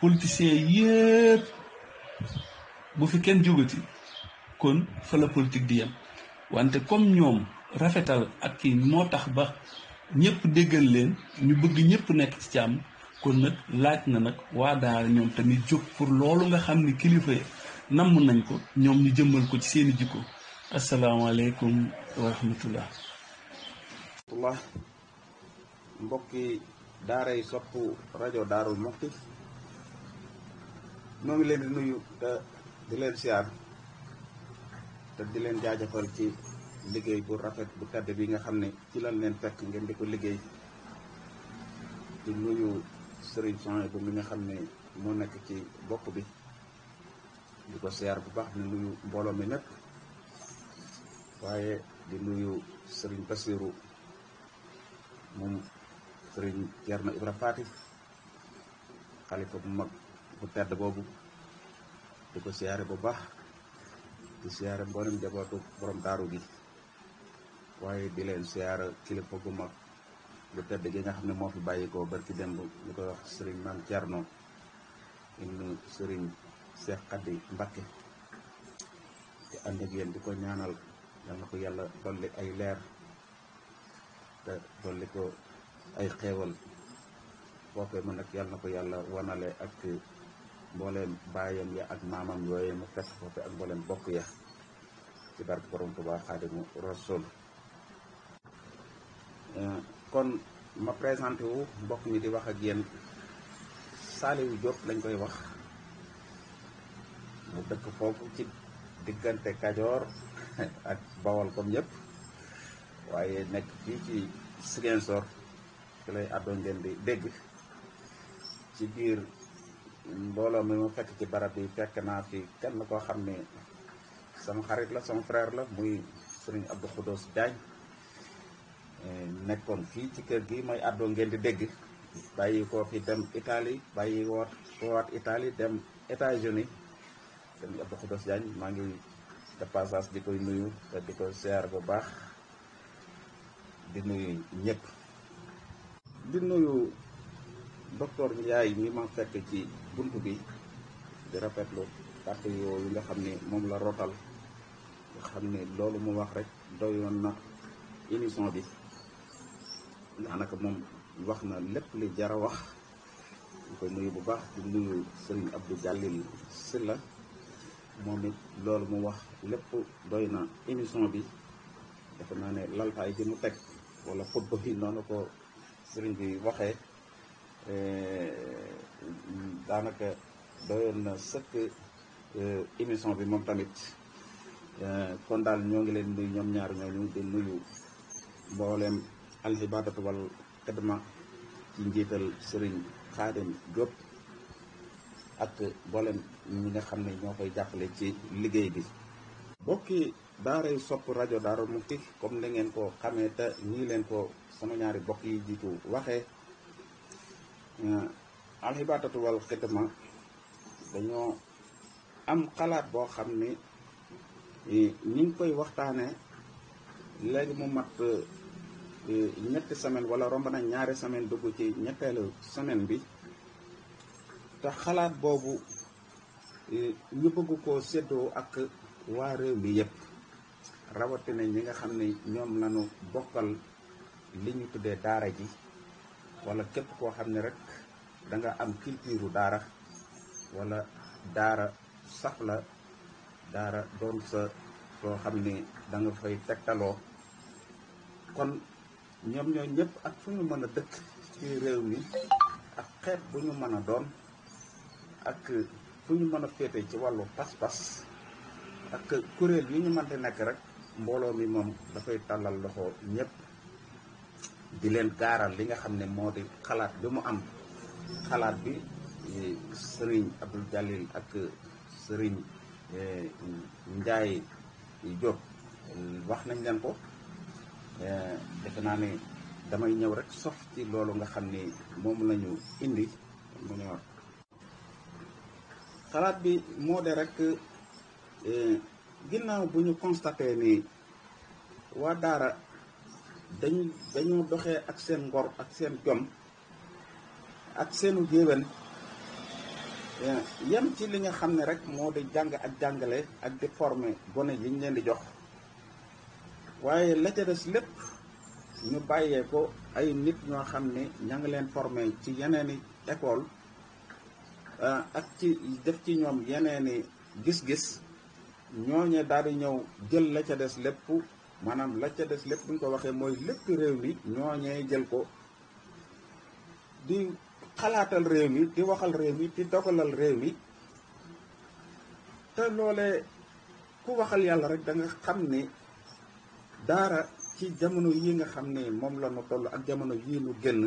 politiciens yépp bu fi kenn jógati kon fa la politique di yem wante comme ñoom rafetal ak kii moo tax ba ñépp déggal leen ñu bëgg ñëpp nekk ci jàmm kon nag laaj na nag waa daara ñoom tamit jóg pour loolu nga xam ni kilifa yi namm nañ ko ñoom ñu jëmmal ko ci seeni jikko asalaamaaleykum wa rahmatullah daara yi sopp rajo Daaru ngi leen di nuyu te eh, te di leen jaajëfal ci liggéey bu rafet bu tedd bi nga xam ne ci lan leen fekk ngeen di ko liggéey di nuyu Serigne Sonia bu mi nga xam ne moo nekk ci bopp bi di ko seer bu baax di nuyu mbooloo mi nekk waaye di nuyu Serigne Bassirou moom Serigne Thierno Ibra Fati xalifa bu mag bu tedd boobu di ko siyaare bu baax di siyaare mboolem jabootu boroom daaru gi waaye di leen siyaara ci gu mag bu tedd gi nga xam ne moo fi bàyyikoo barki démb ñu koy wax sëriñ maam Thierno ibnu sëriñ Cheikh Khady Mbacké di ànd ak yéen di ko ñaanal yal na ko yàlla dolli ay leer te dolli ko ay xeewal foofee mu nag yal na ko yàlla wanale ak mbooleem baayam ya ak maamam yooye mu fes foofu ak mbooleem bokk ya ci barke borom Tuubaa Xaadimu Rasuul eh, kon ma présenté wu mbokk mi di wax ak yéen Saliou Diop lañ koy wax mu dëkk foofu ci diggante Kajoor ak bawal comme ñëpp waaye nekk fii ci Ziguinchor ki lay àddoo ngeen di dégg ci biir mbooloo mi mu fekk ci barab bi fekk naa fi kenn koo xam ne sama xarit la sama frère la muy sëriñ Abdou Khoudous Diagne eh, nekkoon fii ci kër gi mooy àddoo ngeen di dégg bàyyi koo fi dem Italie bàyyi woot waat Italie dem États-Unis sëriñ Abdou Khoudous Diagne maa ngi de passage di koy nuyu di ko seer bu baax di nuyu ñëpp di nuyu docteur Ndiaye mi ma fekk ci bunt bi di rafetlu kàddu yooyu nga xam ne moom la rotal nga xam ne loolu mu wax rek doy woon na émission bi daanaka moom wax na lépp li jar a wax ñu koy nuyu bu baax di nuyu Serigne Abdou Jalil Silla moom it loolu mu wax lépp doy na émission bi dafa naa ne laltaay ji mu teg wala xutba yi noonu ko Serigne bi waxee Euh, daanaka doyoon na sëkk euh, émission bi moom tamit euh, kon daal ñoo ngi leen nuyu ñoom ñaar ñooñu di nuyu mbooleem alxibaadatu wal xidma ci njiital Serigne Khadim Diop ak mbooleem ñi nga xam ne ñoo koy jàppale ci liggéey bi. bokki daaray sopp rajo Daaru Muxti comme ni ngeen ko xamee te ñii leen ko sama ñaari bokk yi jiitu waxee. alxibaatatu wal xidma dañoo am xalaat boo xam ni ñu ngi koy waxtaanee léegi mu mat e, ñetti semaine wala romb na ñaari semaine dugg ci ñetteelu semaine bi te xalaat boobu e, ñu bëgg koo séddoo ak waa réew mi yépp rawatina ñi nga xam ni ñoom lañu bokkal li ñu tuddee daara ji wala képp koo xam ne rek danga nga am culture daara wala daara sax la daara doon sa soo xam ni danga fay tegtaloo kon ñoom ñoo ñëpp ak fu ñu mën a dëkk ci réew mi ak xeet bu ñu mën a doon ak fu ñu mën a féete ci wàllu pas-pas ak kuréel yi ñu mënti nekk rek mbooloo mi moom dafay tàllal loxo ñëpp di leen gaaral li nga xam ne moo di xalaat bi mu am xalaat bi eh, sëriñ Abdul Jalil ak sëriñ Njaay Jóob wax nañ leen ko eh, defe naa ne damay ñëw rek sof ci loolu nga xam ne moom lañu indi mu ne wax xalaat bi moo de rek eh, ginnaaw bu ñu constaté ni waa daara dañu dañoo doxee ak seen ngor ak seen jom ak seenu géwén yem ci li nga xam ne rek moo di jàng ak jàngale ak di former gone yi leen di jox waaye la ca des lépp ñu bàyyeeko ay nit ñoo xam ne ña ngi leen former ci yeneeni école ah, ak ci def ci ñoom yeneeni gis-gis ñooñe daal di ñëw jël la ca des lépp maanaam la ca des lépp bu ñu ko waxee mooy lépp réew mi ñooñee jël ko di xalaatal réew mi di waxal réew mi di dogalal réew mi te loolee ku waxal yàlla rek danga xam ni daara ci jamono yi nga xam ne moom la ñu toll ak jamono yii nu génn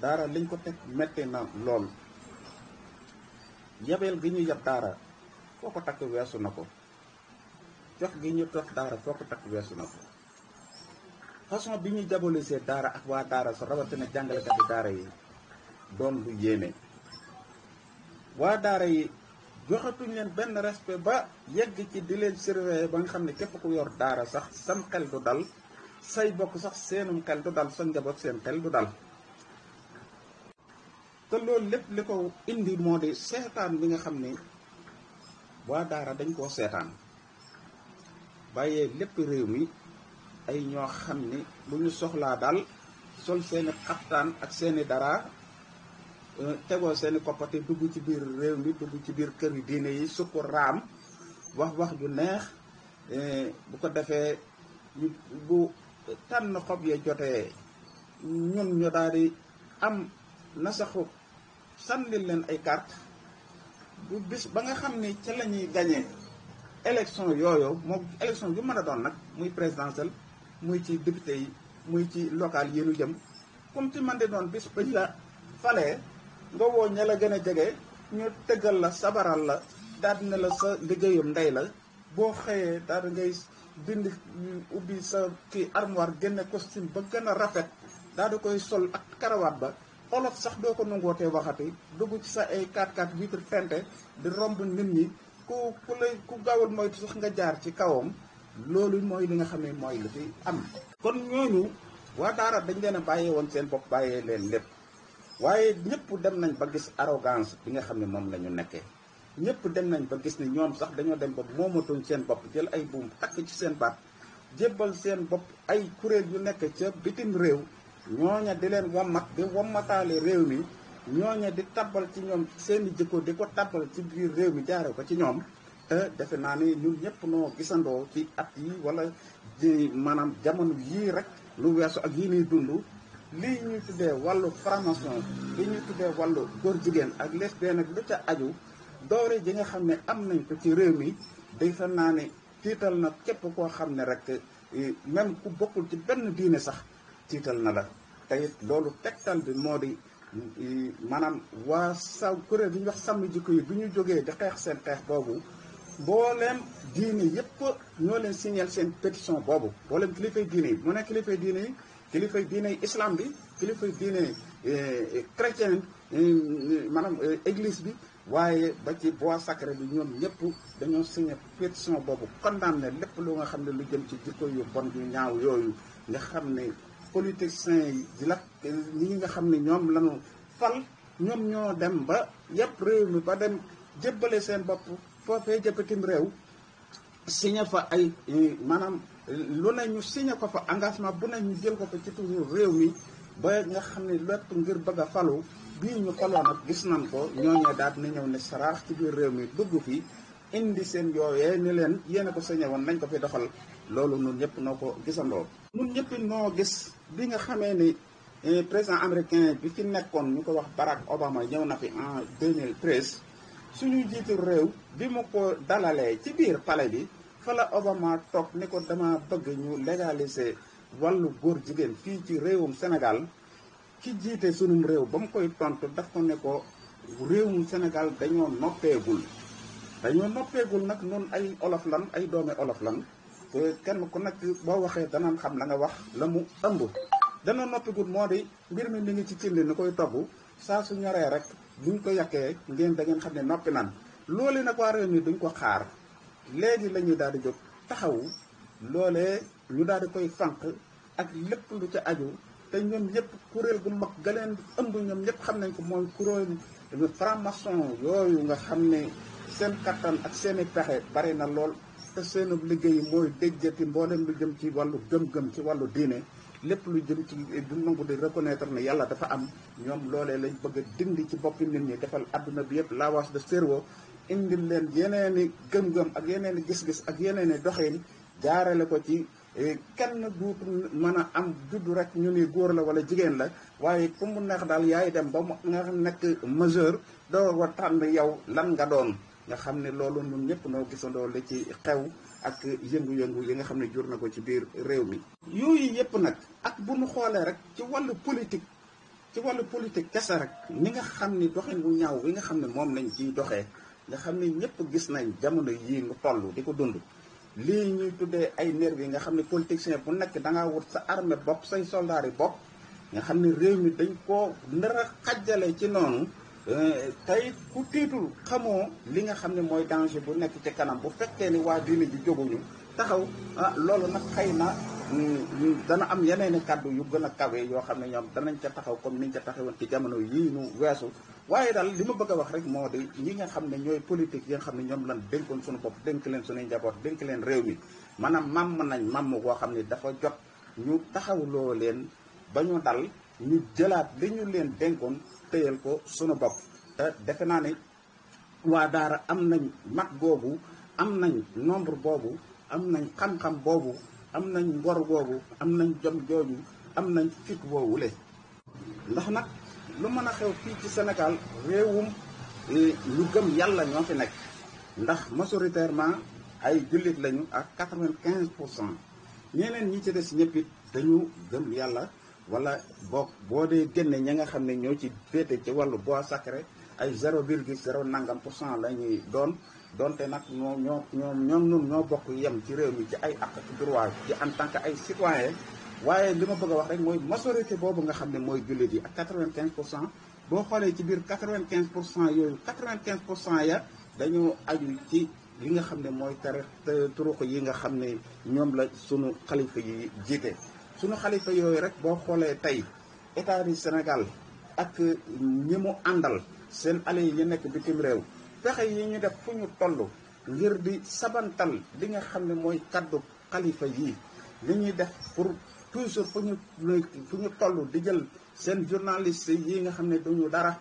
daara liñ ko teg metti na lool yabeel gi ñu yab daara foo ko takk weesu na ko cox gi ñu cox daara foo ko takk weesu na ko façon bi ñuy see daara ak waa daara sa rawatina jàngalekati daara yi doon bu yéeme waa daara yi joxatuñ leen benn respect ba yegg ci di leen surveiller ba nga xam ne képp ku yor daara sax sam xel du dal say bokk sax seenum xel du dal sa njaboot seen xel du dal te loolu lépp li ko indi moo di seetaan bi nga xam ne waa daara dañ koo seetaan bàyyee lépp réew mi ay ñoo xam ni bu ñu soxlaa daal sol seeni xaftaan ak seeni dara euh, tegoo seeni koppate dugg ci biir réew mi dugg ci biir kër yi diine yi sukk raam wax wax ju neex euh, bu ko defee bu tànn xob ya jotee ñun ñu daal di am nasaxu sànni leen ay carte bu bis ba nga xam ni ca la ñuy gañee élection yooyu moom élection yu mën a doon nag muy présidentielle muy ci député yi muy ci local yi jëm comme ci man di doon bis bañ la falee nga woo ña la gën a jege ñu tëggal la sabaral la daal dina la sa liggéeyam ndey la boo xëyee daal ngay bind ubbi sa kii armoire génne costume ba gën a rafet daal di koy sol ak karawaat ba olof sax doo ko nangootee waxati dugg ci sa ay 4 4 vitre fente di romb nit ñi ku ku lay ku gawul moytu sax nga jaar ci kawam loolu mooy li nga xam ne mooy li fi am kon ñooñu waa daara dañ leen a bàyyee woon seen bopp bàyyee leen lépp waaye ñëpp dem nañ ba gis arrogance bi nga xam ne moom la ñu nekkee ñëpp dem nañ ba gis ni ñoom sax dañoo dem ba moomatuñ seen bopp jël ay buum ak ci seen baat jébbal seen bopp ay kuréel yu nekk ca bitim réew ñooña di leen wammat di wammataale réew mi ñooñe di tabbal ci ñoom seen i jikko di ko tabbal ci biir réew mi jaaree ko ci ñoom defe naa ni ñun ñëpp noo gisandoo ci at yi wala ci maanaam jamono yii rek lu weesu ak yii ñuy dund lii ñuy tuddee wàllu franc-maçon lii ñuy tuddee wàllu góor jigéen ak lesbienne ak lu ca aju doore ji nga xam ne am nañ ko ci réew mi defe naa ne tiital na képp koo xam ne rek eh, même ku bokkul ci benn diine sax tiital na la te loolu tegtal bi moo di maanaam waa sa kuréel bi ñuy wax sàmm jikko yi bi ñu jógee di xeex seen xeex boobu mbooleem diine yëpp ñoo leen signal seen pétition boobu mbooleem kilifay diine yi mu ne kilifay diine yi kilifay diine islam bi kilifay diine eh, chrétien eh, maanaam eh, église bi waaye ba ci bois sacré bi ñoom ñëpp dañoo signé pétition boobu condamné lépp lu nga xam ne lu jëm ci jikko yu bon yu ñaaw yooyu nga xam ne politiciens yi di la ñi nga xam ne ñoom lañu fal ñoom ñoo dem ba yëpp réew mi ba dem jébbale seen bopp foofee jëppatim réew signé fa ay eh, maanaam lu ne ñu signé ko fa engagement bu ne ñu jël ko fa ci toujours réew mi ba nga xam ne lépp ngir bëgg a falu bii ñu xoloon ak gis nañ ko ñooñu daal na ñëw ne saraax ci biir réew mi dugg fi indi seen yooyee ni leen yéen ko signé woon nañ ko fi doxal loolu ñun ñëpp noo ko gisandoo mun ñëpp noo gis bi nga xamee ni eh, président américain bi fi nekkoon ñu ko wax Barack Obama ñëw na fi en 2013 suñu jiitu réew bi mu ko dalalee ci biir pale bi fala la Obama toog ni ko dama bëgg ñu légaliser wàllu góor jigéen fii ci réewum senegal ki jiite sunum réew ba mu koy tontu daf ko ne ko réewum Sénégal dañoo noppeegul dañoo noppeegul nag noonu ay olof lan ay doomi olof lan Euh, kenn ku nekk boo waxee danañ xam la nga wax la mu ëmb dana noppigut moo di mbir mi mi ngi ci cin cindi ni koy togg saa su ñoree rek buñ ko yàqee ngeen da ngeen xam ne noppi naan loolu nag waa réew mi duñ ko xaar léegi lañuy ñuy daal di jóg taxawu loolee ñu daal di koy fànq ak lépp lu ci aju te ñoom ñëpp kuréel gu mag ga leen ëmb ñoom ñépp xam nañ ko mooy kuréel franc-maçon yooyu nga xam ne seen kattan ak seeni pexe bari na lool te seen liggéey mooy déjjati mboolem lu jëm ci wàllu gëm-gëm ci wàllu diine lépp lu jëm ci du nangu di reconnaître ni yàlla dafa am ñoom loolee lañ bëgg a dindi ci boppi nit ñi defal àdduna bi yëpp lavage de cerveau indil leen yeneeni gëm-gëm ak yeneeni gis-gis ak yeneeni doxin jaarale ko ci eh, kenn duutu mën a am judd rek ñu ni góor la wala jigéen la waaye fu mu neex daal yaay dem ba mu nga nekk majeur doo ko tànn yow lan nga doon nga xam ne loolu ñun ñëpp noo gisandoo la ci xew ak yëngu-yëngu yi nga xam ne jur na ko ci biir réew mi. yooyu yëpp nag ak bu nu xoolee rek ci wàllu politique ci wàllu politique kese rek ni nga xam ni doxin wu ñaaw wi nga xam ne moom lañ ciy doxee nga xam ne ñëpp gis nañ jamono yi ñu toll di ko dund. li ñuy tuddee ay nervi yi nga xam ne politicien bu nekk da ngaa wut sa armée bopp say soldaar yi bopp nga xam ne réew mi dañ koo nar a xajjale ci noonu. Euh, tey ku tiitul xamoo li nga xam ne mooy danger bu nekk ci kanam bu fekkee ni waa diine ji jóguñu taxaw ah loolu nag xëy na mm, mm, dana am yeneen i kàddu yu gën a kawe yoo xam ne ñoom danañ ca taxaw comme niñ ca taxawoon ci jamono yii ñu weesu waaye daal li ma bëgg a wax rek moo di ñi nga xam ne ñooy politique yi nga xam ne ñoom lan dénkoon suñu bopp dénk leen suñuy njaboot dénk leen réew mi maanaam màmm nañ màmm goo xam ne dafa jot ñu taxawuloo leen ba ñu dal ñu jëlaat li ñu leen dénkoon téyal ko sunu bopp defe naa ne waa daara am nañ mat boobu am nañ nombre boobu am nañ xam-xam boobu am nañ ngor boobu am nañ jom jooju am nañ fit woowule ndax nag lu mën a xew fii ci Sénégal réewum e, ñu gëm yàlla ñoo fi nekk ndax majoritairement ay jullit lañu ak quatre-vingt-quinze ñeneen ñi ci des ñëpp it dañu gëm yàlla wala boo boo dee génne ña nga xam ne ñoo ci féete ci wàllu bois sacré ay zéro virgule zéro nangam pour cent la ñuy doon donte nag ñoo ñoo ñoom ñoom nun ñoo bokk yem ci réew mi ci ay ak droit ci en tant que ay citoyen waaye li ma bëgg a wax rek mooy majorité boobu nga xam ne mooy jullit yi ak 95 pour cent boo xoolee ci biir 95 pour cent yooyu 95 pour cent ya dañu aju ci li nga xam ne mooy tere turuq yi nga xam ne ñoom la suñu xalifa yi jiite suñu xalifa yooyu rek boo xoolee tey état du Sénégal ak ñi mu àndal seen ale yi ñu nekk bitim réew fexe yi ñu def fu ñu toll ngir di sabantal li nga xam ne mooy kaddu xalifa yii li def pour toujours fu fu ñu toll di jël seen journaliste yi nga xam ne duñu dara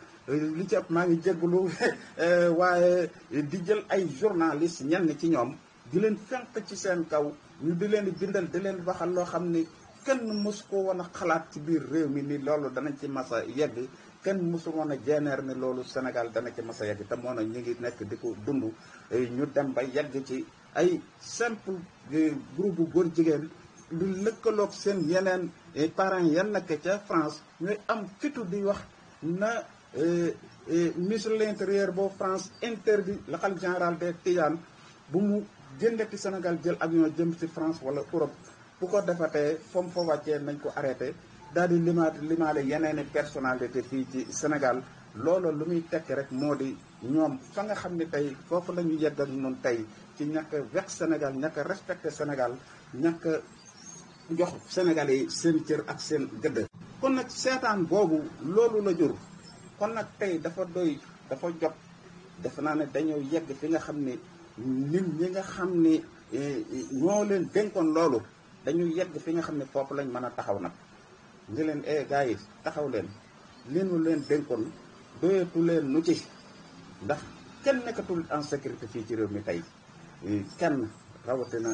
li ci ëpp maa ngi jégalu eh, waaye di jël ay journaliste ñenn ci ñoom di leen fenq ci seen kaw ñu di leen di bindal di leen waxal loo xam ne kenn mosu ko woon a xalaat ci biir réew mi ni loolu danañ ci mas yegg kenn mosu woon a jeeneer ni loolu Sénégal dana ci mas a yegg te moo na ñu ngi nekk di ko dund ñu dem ba yegg ci ay simple eh, groupe bu góor jigéen lu lëkkaloog seen yeneen eh, parents yan nekk ca France ñooy am fitu di wax na eh, ministre de l'intérieur boo France interdit la xalif général des tiyaan bu mu jëndati Sénégal jël avion jëm ci France wala Europe bu ko defatee fam ko wàccee nañ ko arrêté daal di limaat limaale yeneeni personnalité fii ci Sénégal loola lu muy tekk rek moo di ñoom fa nga xam ne tey foofu la ñu yegg ak ñun tey ci ñàkk a vex Sénégal ñàkk a respecté Sénégal ñàkk jox sénégal yi seen cër ak seen gëdd. kon nag seetaan boobu loolu la jur kon nag tey dafa doy dafa jot defe naa ne dañoo yegg fi nga xam ne nit ñi nga xam ni eh, ñoo leen dénkoon loolu. dañuy yegg fi nga xam ne foofu lañ mën a taxaw nag ngi leen eh gars yi taxaw leen leenu leen dénkoon doyatu leen nu ci ndax kenn nekkatul en sécurité fii ci réew mi tey eh, kenn rawatina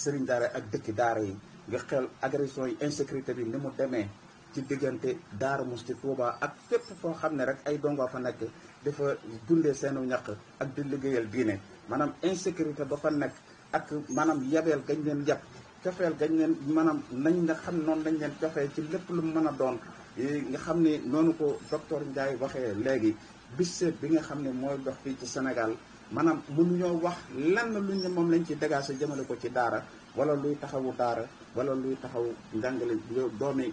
sëriñ daara ak dëkki daara yi nga xel agression yi insécurité bi ni mu demee ci diggante Daaru Musti Tuuba ak fépp foo xam ne rek ay dongoo fa nekk dafa dundee seenu ñaq ak di liggéeyal diine maanaam insécurité ba fa nekk ak maanaam yabeel gañ leen jàpp cofeel gañ leen maanaam nañ nga xam noonu lañ leen cofee ci lépp lu mën a doon nga xam ni noonu ko docteur Ndiaye waxee léegi bis bi nga xam ne mooy dox fii ci Sénégal maanaam mënuñoo wax lan lu ñu moom lañ ci dégagé jëmale ko ci daara wala luy taxawu daara wala luy taxaw njàngale doomi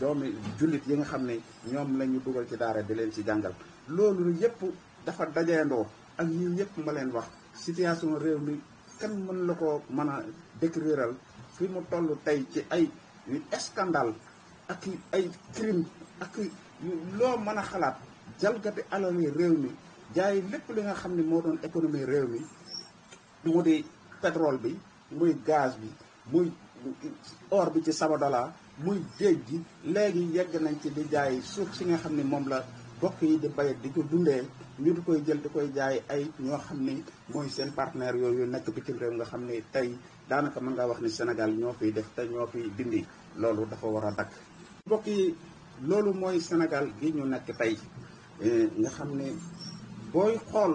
doomi jullit yi nga xam ne ñoom la ñu dugal ci daara di leen ci jàngal loolu yépp dafa dajeendoo ak yi yépp ma leen wax situation réew mi kenn mën la ko mën a décriral fi mu toll tey ci ay scandale ak ay crime ak loo mën a xalaat jalgati alal réew mi jaay lépp li nga xam ni moo doon économie réew mi mu di pétrole bi muy gaz bi muy or bi ci Sabodala muy géej gi léegi yegg nañ ci di jaay suuf si nga xam ni moom la bokk yi di bay di ko dundee ñu di koy jël di koy jaay ay ñoo xam ni mooy seen partenaire yooyu nekk bitim réew nga xam ni tey daanaka mën ngaa wax ni Sénégal ñoo fiy def te ñoo fiy dindi loolu dafa war a dakk bokk yi loolu mooy Sénégal gi ñu nekk tey eh, nga xam ne booy xool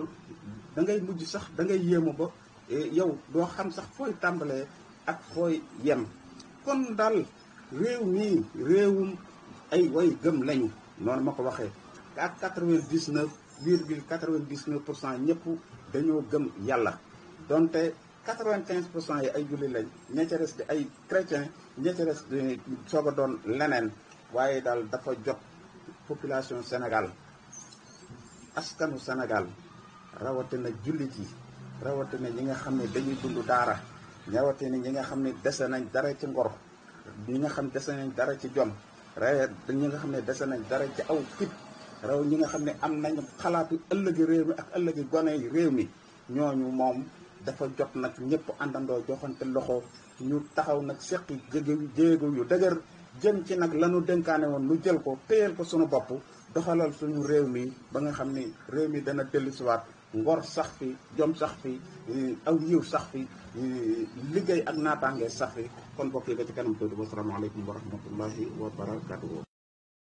dangay mujj sax da ngay yéemu ba eh, yow doo xam sax fooy tàmbalee ak fooy yem kon daal réew mii réewum ay woy gëm lañu noonu ma ko waxee ak quatre-vingt-dix-neuf virgule quatre-vingt-dix-neuf pour cent ñëpp dañoo gëm yàlla donte quatre-vingt-quinze pour cent yi ay julli lañ ña ca des di ay chrétien ña ca des di soog a doon leneen waaye daal dafa jot population Sénégal askanu Sénégal rawatina jullit yi rawatina ñi nga xam ne dañuy dund daara rawatina ñi nga xam ne dese nañ dara ci ngor ñi nga xam dese nañ dara ci jom re ñi nga xam ne dese nañ dara ci aw fit raw ñi nga xam ne am nañu xalaatu ëllëg réew mi ak ëllëgi gone yi réew mi ñooñu moom dafa jot nag ñëpp àndandoo joxante loxo ñu taxaw nag seqi jéegu jéegu yu dëgër jëm ci nag lanu dénkaane woon nu jël ko téyal ko suñu bopp doxalal suñu réew mi ba nga xam ni réew mi dana dellusiwaat ngor sax fi jom sax fi aw yiw sax fi liggéey ak naataange sax fi kon bokk yi ba ci kanam tuuti ba salaamaaleykum wa rahmatullahi wa barakatuhu